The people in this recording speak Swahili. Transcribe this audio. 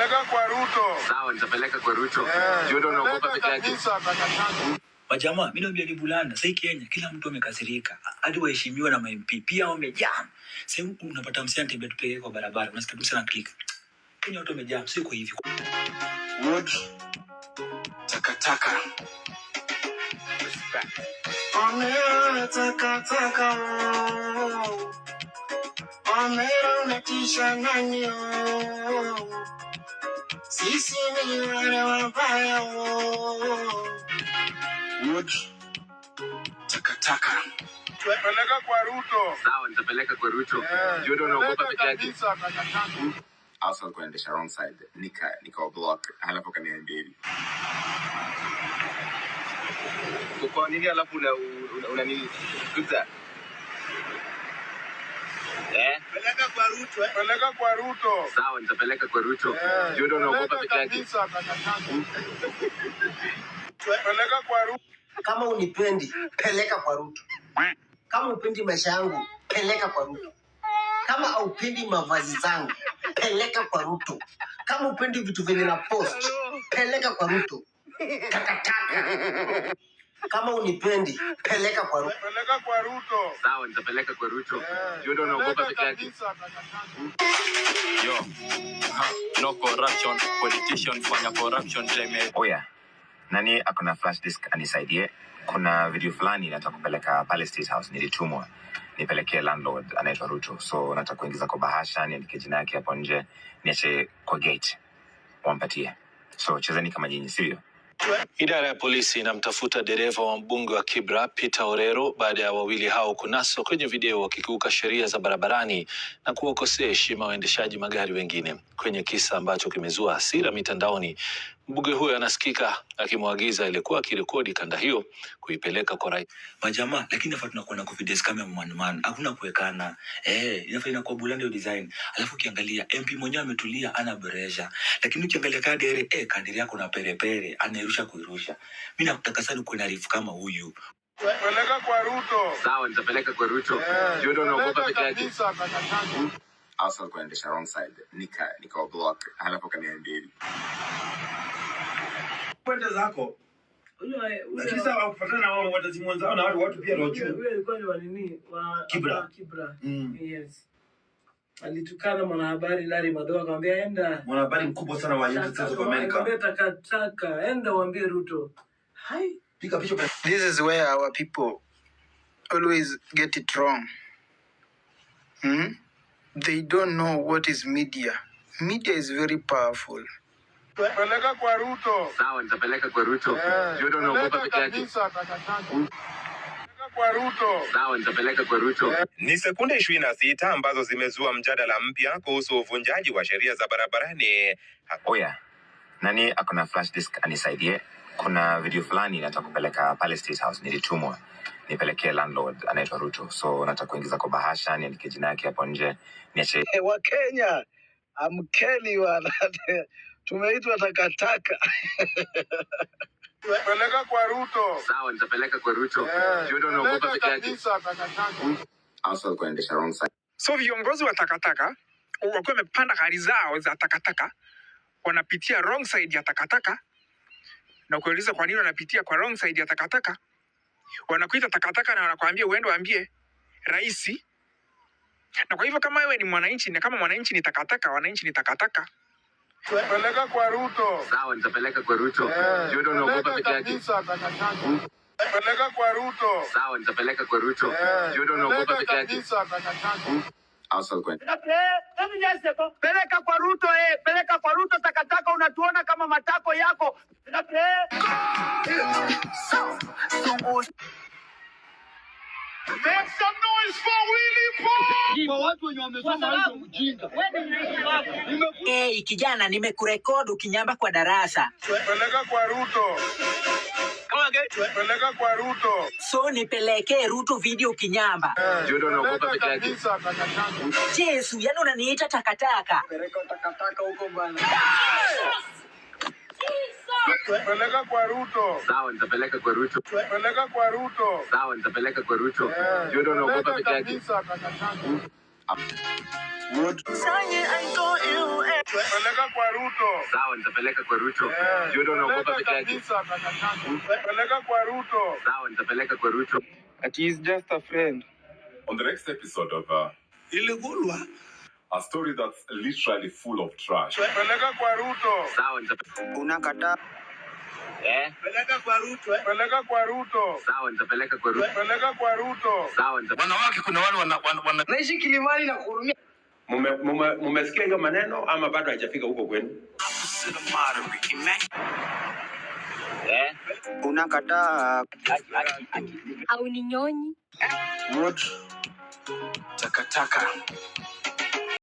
Peleka kwa Ruto. Sawa, nitapeleka kwa Ruto. Yeah. Juu unaogopa peke yake. Wajamaa, mimi ndio ni bulana. Sasa Kenya kila mtu amekasirika. Hadi waheshimiwa na MP pia wamejam. Sasa huku unapata msanii anatembea tupeleke kwa barabara. Unasikia tu sana click. Kenya watu wamejam, sio kwa hivi. Wood. Takataka. Amera takataka. Amera unatisha nani? Sisi ni wana wabaya Mudi takataka peleka kwa Ruto. Sawa, nitapeleka kwa Ruto. Juu unaogopa peke yake hasa alikuwa anaendesha wrong side, nika nika block, halafu akaniambia hivi kwa nini, halafu unanikuta una, una, una, Peleka kwa Ruto eh. Peleka kwa Ruto. Sawa, nitapeleka kwa Ruto. Yeah. unaogopa peke yake. Peleka kwa Ruto. Kama unipendi, peleka kwa Ruto. Kama upendi maisha yangu, peleka kwa Ruto. Kama haupendi mavazi zangu, peleka kwa Ruto. Kama upendi vitu vyenye na post, peleka kwa Ruto. Takataka. Kama unipendi peleka kwa Ruto. Peleka kwa Ruto. Sawa, nitapeleka kwa Ruto. Yeah. Yule unaogopa peke yake. Yo. Ha, no corruption, politician fanya corruption time. Oh yeah. Nani akona flash disk anisaidie? Kuna video fulani nataka kupeleka pale State House nilitumwa nipelekee landlord anaitwa Ruto. So nataka kuingiza kwa bahasha, niandike jina yake hapo nje, niache kwa gate wampatie. So chezeni kama nyinyi, sivyo? Idara ya polisi inamtafuta dereva wa mbunge wa Kibra Peter Orero baada ya wawili hao kunaswa kwenye video wakikiuka sheria za barabarani na kuwakosea heshima waendeshaji magari wengine kwenye kisa ambacho kimezua hasira mitandaoni Mbunge huyo anasikika akimwagiza alikuwa akirekodi kanda hiyo kuipeleka kwa rais. Majamaa, lakini nafaa tunakuwa na confidence kama man man, hakuna kuwekana eh, inafaa inakuwa bulani hiyo design. Alafu ukiangalia MP mwenyewe ametulia, ana pressure. lakini ukiangalia kadi ile eh, kadi yako na perepere, anairusha kuirusha. Mimi nakutaka sana kuwe na rifu kama huyu. Peleka kwa Ruto. Sawa, nitapeleka kwa Ruto. Yeah. Juu naogopa unaogopa peke yake. Arsenal alikuwa wrong side, nika nikawa block, halafu kaniambia hivi kwenda zako Alitukana mwanahabari Larry Madoa akamwambia enda. Mwanahabari mkubwa sana wa United enda uambie Ruto. This is where our people always get it wrong. Hmm? they don't know what is media. Media is very powerful. Peleka kwa Ruto. Sawa, nitapeleka kwa Ruto. Yeah. Yule unaogopa peke yake. Ni sekunde ishirini na sita ambazo zimezua mjadala mpya kuhusu uvunjaji wa sheria za barabarani. Ha- Oya, nani ako flash disk anisaidie? Kuna video fulani nataka kupeleka pale State House, nilitumwa nipelekee landlord anaitwa Ruto, so nataka kuingiza kwa bahasha, niandike jina yake hapo nje, niache Eh, Wakenya amkeni wana tumeitwa takataka. peleka kwa Ruto. sawa, nitapeleka kwa Ruto. Yeah. You don't know, peleka peke So viongozi wa takataka wakiwa wamepanda gari zao za takataka, wanapitia wrong side ya takataka, na kueleza kwa nini wanapitia kwa wrong side ya takataka, wanakuita takataka na wanakuambia uende waambie rais. Na kwa hivyo kama wewe ni mwananchi na kama mwananchi ni takataka, wananchi ni takataka. Peleka kwa Ruto. Sawa, nitapeleka kwa Ruto. Yeah. Juu ndio unaogopa peke yake. Peleka kwa Ruto. Sawa, nitapeleka kwa Ruto. Yeah. Juu ndio unaogopa peleka peke yake. Hmm? Peleka kwa Ruto eh, peleka kwa Ruto takataka, unatuona kama matako yako Hey, kijana, nimekurekodi ukinyamba kwa darasa. Peleka kwa Ruto. Kama eh? Peleka kwa Ruto. So nipelekee Ruto video ukinyamba. Eh, Yesu, yani unaniita takataka. Peleka takataka huko bana. Peleka kwa Ruto. Sawa, nitapeleka kwa Ruto. Peleka kwa Ruto. Sawa, nitapeleka kwa Ruto. Juu ndio unaogopa peke yake. Peleka kwa Ruto. Sawa, nitapeleka kwa Ruto. Juu ndio unaogopa peke yake. Peleka kwa Ruto. Sawa, nitapeleka kwa Ruto. Ati is just a friend. On the next episode of uh... Iligulwa A story that's literally full of trash. Peleka kwa Ruto. Sawa, Unakataa? Eh? Peleka kwa Ruto. eh? Peleka kwa Ruto. Sawa, nitapeleka kwa Ruto. Peleka kwa Ruto. Sawa, nitapeleka. Wanawake kuna wale wana, wana, wana... Naishi Kilimani na kuhurumia. Mume- mume- Mumesikia hiyo maneno ama bado haijafika huko kwenu? Eh? Unakataa? au ni nyonyi?